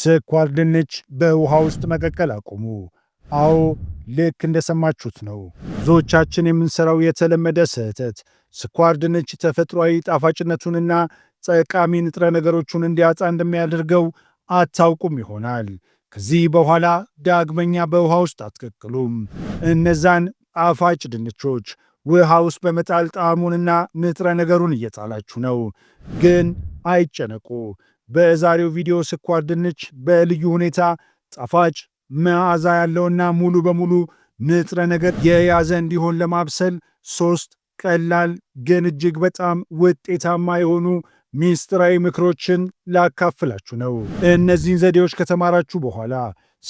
ስኳር ድንች በውሃ ውስጥ መቀቀል አቁሙ። አዎ ልክ እንደሰማችሁት ነው። ብዙዎቻችን የምንሰራው የተለመደ ስህተት ስኳር ድንች ተፈጥሯዊ ጣፋጭነቱንና ጠቃሚ ንጥረ ነገሮቹን እንዲያጣ እንደሚያደርገው አታውቁም ይሆናል። ከዚህ በኋላ ዳግመኛ በውሃ ውስጥ አትቀቅሉም። እነዛን ጣፋጭ ድንቾች ውሃ ውስጥ በመጣል ጣዕሙንና ንጥረ ነገሩን እየጣላችሁ ነው። ግን አይጨነቁ በዛሬው ቪዲዮ ስኳር ድንች በልዩ ሁኔታ ጣፋጭ መዓዛ ያለውና ሙሉ በሙሉ ንጥረ ነገር የያዘ እንዲሆን ለማብሰል ሶስት ቀላል ግን እጅግ በጣም ውጤታማ የሆኑ ሚስጥራዊ ምክሮችን ላካፍላችሁ ነው። እነዚህን ዘዴዎች ከተማራችሁ በኋላ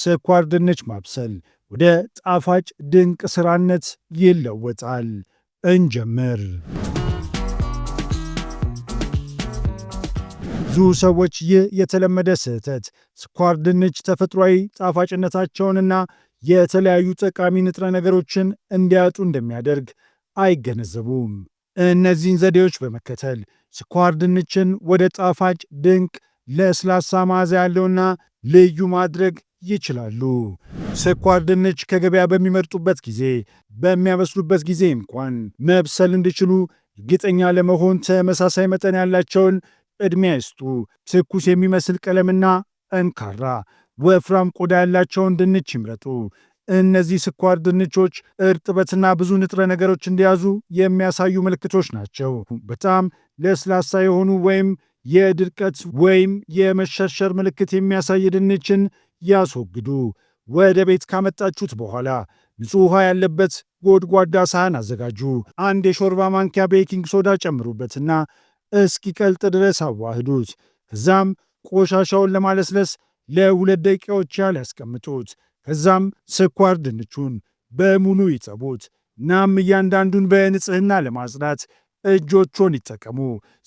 ስኳር ድንች ማብሰል ወደ ጣፋጭ ድንቅ ስራነት ይለወጣል። እንጀምር። ለብዙ ሰዎች ይህ የተለመደ ስህተት ስኳር ድንች ተፈጥሯዊ ጣፋጭነታቸውንና የተለያዩ ጠቃሚ ንጥረ ነገሮችን እንዲያጡ እንደሚያደርግ አይገነዘቡም። እነዚህን ዘዴዎች በመከተል ስኳር ድንችን ወደ ጣፋጭ፣ ድንቅ፣ ለስላሳ መዓዛ ያለውና ልዩ ማድረግ ይችላሉ። ስኳር ድንች ከገበያ በሚመርጡበት ጊዜ በሚያበስሉበት ጊዜ እንኳን መብሰል እንዲችሉ እርግጠኛ ለመሆን ተመሳሳይ መጠን ያላቸውን ዕድሜ አይስጡ። ትኩስ የሚመስል ቀለምና ጠንካራ ወፍራም ቆዳ ያላቸውን ድንች ይምረጡ። እነዚህ ስኳር ድንቾች እርጥበትና ብዙ ንጥረ ነገሮች እንደያዙ የሚያሳዩ ምልክቶች ናቸው። በጣም ለስላሳ የሆኑ ወይም የድርቀት ወይም የመሸርሸር ምልክት የሚያሳይ ድንችን ያስወግዱ። ወደ ቤት ካመጣችሁት በኋላ ንጹህ ውሃ ያለበት ጎድጓዳ ሳህን አዘጋጁ። አንድ የሾርባ ማንኪያ ቤኪንግ ሶዳ ጨምሩበትና እስኪቀልጥ ድረስ አዋህዱት። ከዛም ቆሻሻውን ለማለስለስ ለሁለት ደቂቃዎች ያህል ያስቀምጡት። ከዛም ስኳር ድንቹን በሙሉ ይጠቡት። እናም እያንዳንዱን በንጽህና ለማጽዳት እጆቹን ይጠቀሙ።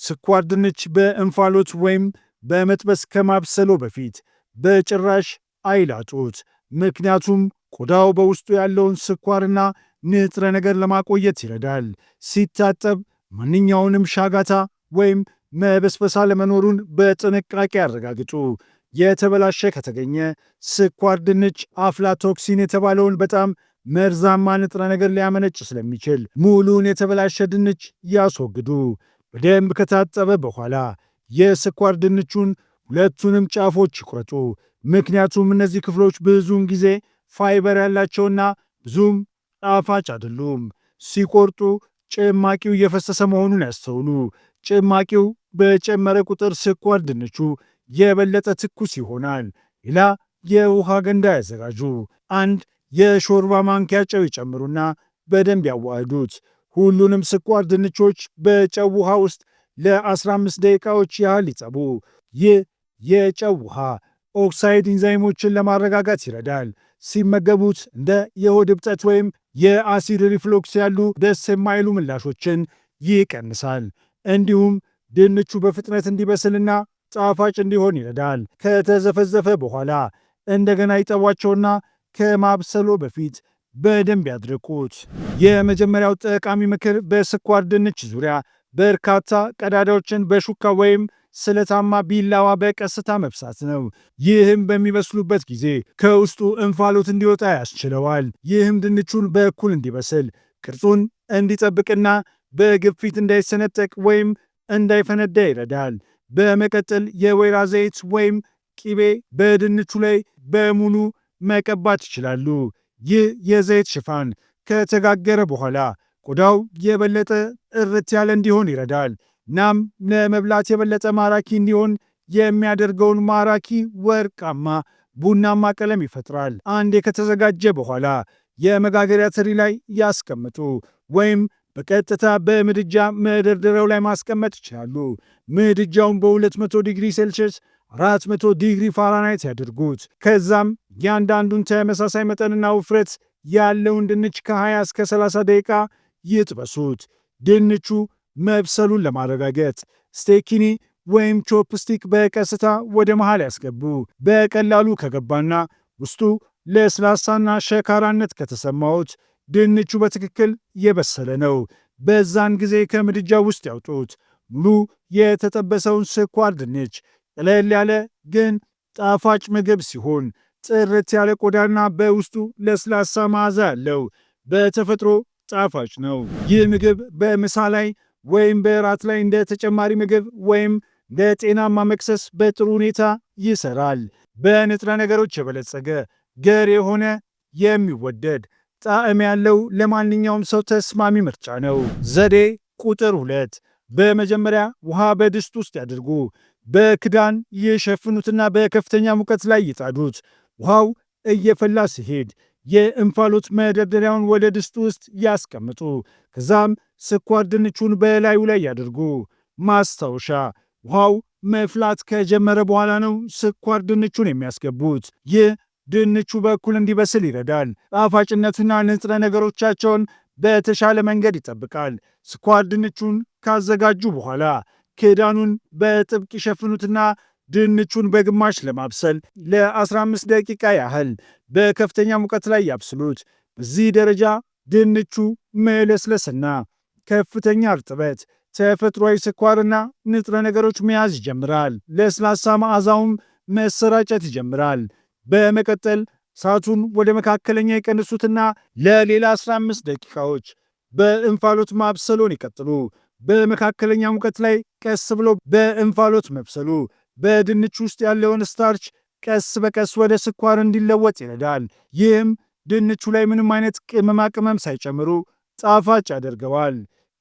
ስኳር ድንች በእንፋሎት ወይም በመጥበስ ከማብሰሎ በፊት በጭራሽ አይላጡት፣ ምክንያቱም ቆዳው በውስጡ ያለውን ስኳርና ንጥረ ነገር ለማቆየት ይረዳል። ሲታጠብ ማንኛውንም ሻጋታ ወይም መበስበሳ ለመኖሩን በጥንቃቄ አረጋግጡ። የተበላሸ ከተገኘ ስኳር ድንች አፍላቶክሲን የተባለውን በጣም መርዛማ ንጥረ ነገር ሊያመነጭ ስለሚችል ሙሉን የተበላሸ ድንች ያስወግዱ። በደንብ ከታጠበ በኋላ የስኳር ድንቹን ሁለቱንም ጫፎች ይቁረጡ፣ ምክንያቱም እነዚህ ክፍሎች ብዙውን ጊዜ ፋይበር ያላቸውና ብዙም ጣፋጭ አይደሉም። ሲቆርጡ ጭማቂው እየፈሰሰ መሆኑን ያስተውሉ። ጭማቂው በጨመረ ቁጥር ስኳር ድንቹ የበለጠ ትኩስ ይሆናል። ሌላ የውሃ ገንዳ ያዘጋጁ። አንድ የሾርባ ማንኪያ ጨው ይጨምሩና በደንብ ያዋህዱት። ሁሉንም ስኳር ድንቾች በጨው ውሃ ውስጥ ለ15 ደቂቃዎች ያህል ይጸቡ። ይህ የጨው ውሃ ኦክሳይድ ኢንዛይሞችን ለማረጋጋት ይረዳል። ሲመገቡት እንደ የሆድ እብጠት ወይም የአሲድ ሪፍሎክስ ያሉ ደስ የማይሉ ምላሾችን ይቀንሳል። እንዲሁም ድንቹ በፍጥነት እንዲበስልና ጣፋጭ እንዲሆን ይረዳል። ከተዘፈዘፈ በኋላ እንደገና ይጠቧቸውና ከማብሰሎ በፊት በደንብ ያድርቁት። የመጀመሪያው ጠቃሚ ምክር በስኳር ድንች ዙሪያ በርካታ ቀዳዳዎችን በሹካ ወይም ስለታማ ቢላዋ በቀስታ መብሳት ነው። ይህም በሚበስሉበት ጊዜ ከውስጡ እንፋሎት እንዲወጣ ያስችለዋል። ይህም ድንቹን በእኩል እንዲበስል ቅርጹን እንዲጠብቅና በግፊት እንዳይሰነጠቅ ወይም እንዳይፈነዳ ይረዳል። በመቀጠል የወይራ ዘይት ወይም ቂቤ በድንቹ ላይ በሙሉ መቀባት ይችላሉ። ይህ የዘይት ሽፋን ከተጋገረ በኋላ ቆዳው የበለጠ ጥርት ያለ እንዲሆን ይረዳል። ናም ለመብላት የበለጠ ማራኪ እንዲሆን የሚያደርገውን ማራኪ ወርቃማ ቡናማ ቀለም ይፈጥራል። አንዴ ከተዘጋጀ በኋላ የመጋገሪያ ትሪ ላይ ያስቀምጡ ወይም በቀጥታ በምድጃ መደርደሪያው ላይ ማስቀመጥ ይችላሉ። ምድጃውን በ200 ዲግሪ ሴልሽስ 400 ዲግሪ ፋራናይት ያድርጉት። ከዛም እያንዳንዱን ተመሳሳይ መጠንና ውፍረት ያለውን ድንች ከ20 እስከ 30 ደቂቃ ይጥበሱት። ድንቹ መብሰሉን ለማረጋገጥ ስቴኪኒ ወይም ቾፕስቲክ በቀስታ ወደ መሃል ያስገቡ። በቀላሉ ከገባና ውስጡ ለስላሳና ሸካራነት ከተሰማዎት ድንቹ በትክክል የበሰለ ነው። በዛን ጊዜ ከምድጃ ውስጥ ያውጡት። ሙሉ የተጠበሰውን ስኳር ድንች ቀለል ያለ ግን ጣፋጭ ምግብ ሲሆን ጥርት ያለ ቆዳና በውስጡ ለስላሳ መዓዛ ያለው በተፈጥሮ ጣፋጭ ነው። ይህ ምግብ በምሳ ላይ ወይም በራት ላይ እንደ ተጨማሪ ምግብ ወይም ለጤናማ መክሰስ በጥሩ ሁኔታ ይሰራል። በንጥረ ነገሮች የበለጸገ ገር የሆነ የሚወደድ ጣዕም ያለው ለማንኛውም ሰው ተስማሚ ምርጫ ነው። ዘዴ ቁጥር ሁለት በመጀመሪያ ውሃ በድስት ውስጥ ያድርጉ። በክዳን የሸፍኑትና በከፍተኛ ሙቀት ላይ ይጣዱት። ውሃው እየፈላ ሲሄድ የእንፋሎት መደርደሪያውን ወደ ድስት ውስጥ ያስቀምጡ። ከዛም ስኳር ድንቹን በላዩ ላይ ያድርጉ። ማስታወሻ፣ ውሃው መፍላት ከጀመረ በኋላ ነው ስኳር ድንቹን የሚያስገቡት። ይህ ድንቹ በኩል እንዲበስል ይረዳል። ጣፋጭነትና ንጥረ ነገሮቻቸውን በተሻለ መንገድ ይጠብቃል። ስኳር ድንቹን ካዘጋጁ በኋላ ክዳኑን በጥብቅ ይሸፍኑትና ድንቹን በግማሽ ለማብሰል ለ15 ደቂቃ ያህል በከፍተኛ ሙቀት ላይ ያብስሉት። በዚህ ደረጃ ድንቹ መለስለስና ከፍተኛ እርጥበት፣ ተፈጥሯዊ ስኳርና ንጥረ ነገሮች መያዝ ይጀምራል። ለስላሳ መዓዛውም መሰራጨት ይጀምራል። በመቀጠል ሰዓቱን ወደ መካከለኛ የቀንሱትና ለሌላ 15 ደቂቃዎች በእንፋሎት ማብሰሎን ይቀጥሉ። በመካከለኛ ሙቀት ላይ ቀስ ብሎ በእንፋሎት መብሰሉ በድንች ውስጥ ያለውን ስታርች ቀስ በቀስ ወደ ስኳር እንዲለወጥ ይረዳል። ይህም ድንቹ ላይ ምንም አይነት ቅመማ ቅመም ሳይጨምሩ ጣፋጭ ያደርገዋል።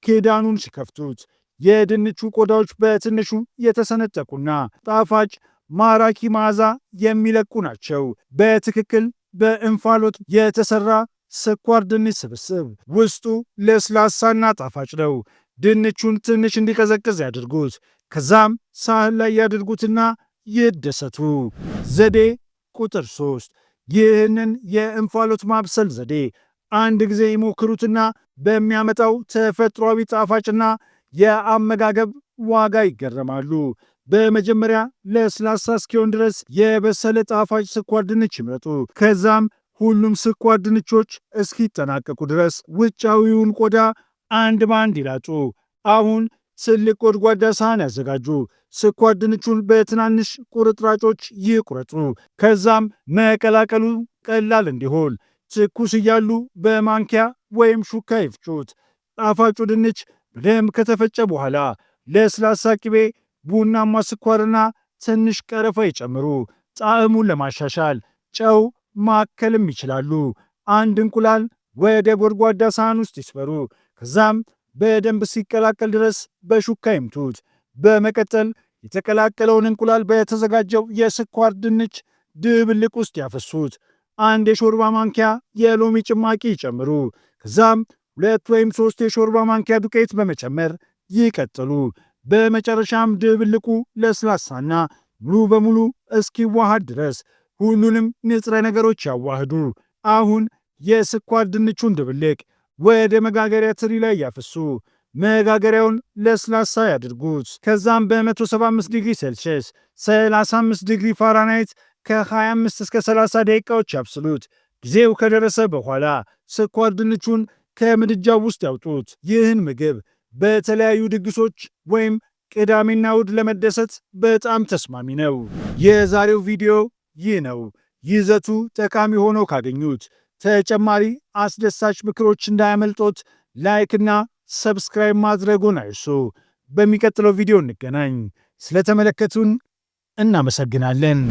ክዳኑን ሲከፍቱት የድንቹ ቆዳዎች በትንሹ የተሰነጠቁና ጣፋጭ ማራኪ መዓዛ የሚለቁ ናቸው። በትክክል በእንፋሎት የተሰራ ስኳር ድንች ስብስብ ውስጡ ለስላሳና ጣፋጭ ነው። ድንቹን ትንሽ እንዲቀዘቅዝ ያድርጉት። ከዛም ሳህን ላይ ያድርጉትና ይደሰቱ። ዘዴ ቁጥር 3 ይህንን የእንፋሎት ማብሰል ዘዴ አንድ ጊዜ ይሞክሩትና በሚያመጣው ተፈጥሯዊ ጣፋጭና የአመጋገብ ዋጋ ይገረማሉ። በመጀመሪያ ለስላሳ እስኪሆን ድረስ የበሰለ ጣፋጭ ስኳር ድንች ይምረጡ። ከዛም ሁሉም ስኳር ድንቾች እስኪጠናቀቁ ድረስ ውጫዊውን ቆዳ አንድ በአንድ ይላጡ አሁን ትልቅ ጎድጓዳ ሳህን ያዘጋጁ። ስኳር ድንቹን በትናንሽ ቁርጥራጮች ይቁረጡ። ከዛም መቀላቀሉ ቀላል እንዲሆን ትኩስ እያሉ በማንኪያ ወይም ሹካ ይፍጩት። ጣፋጩ ድንች በደንብ ከተፈጨ በኋላ ለስላሳ ቅቤ ቡናማ ስኳርና ትንሽ ቀረፋ ይጨምሩ። ጣዕሙን ለማሻሻል ጨው ማከልም ይችላሉ። አንድ እንቁላል ወደ ጎድጓዳ ሳህን ውስጥ ይስፈሩ። ከዛም በደንብ ሲቀላቀል ድረስ በሹካ ይምቱት። በመቀጠል የተቀላቀለውን እንቁላል በተዘጋጀው የስኳር ድንች ድብልቅ ውስጥ ያፈሱት። አንድ የሾርባ ማንኪያ የሎሚ ጭማቂ ይጨምሩ። ከዛም ሁለት ወይም ሶስት የሾርባ ማንኪያ ዱቄት በመጨመር ይቀጥሉ። በመጨረሻም ድብልቁ ለስላሳና ሙሉ በሙሉ እስኪዋሃድ ድረስ ሁሉንም ንጥረ ነገሮች ያዋህዱ። አሁን የስኳር ድንቹን ድብልቅ ወደ መጋገሪያ ትሪ ላይ ያፈሱ። መጋገሪያውን ለስላሳ ያድርጉት። ከዛም በ175 ዲግሪ ሴልሽስ 35 ዲግሪ ፋራናይት ከ25 እስከ 30 ደቂቃዎች ያብስሉት። ጊዜው ከደረሰ በኋላ ስኳር ድንቹን ከምድጃው ውስጥ ያውጡት። ይህን ምግብ በተለያዩ ድግሶች ወይም ቅዳሜና እሁድ ለመደሰት በጣም ተስማሚ ነው። የዛሬው ቪዲዮ ይህ ነው። ይዘቱ ጠቃሚ ሆኖ ካገኙት ተጨማሪ አስደሳች ምክሮች እንዳያመልጦት ላይክና ሰብስክራይብ ማድረጉን አይርሱ። በሚቀጥለው ቪዲዮ እንገናኝ። ስለተመለከቱን እናመሰግናለን።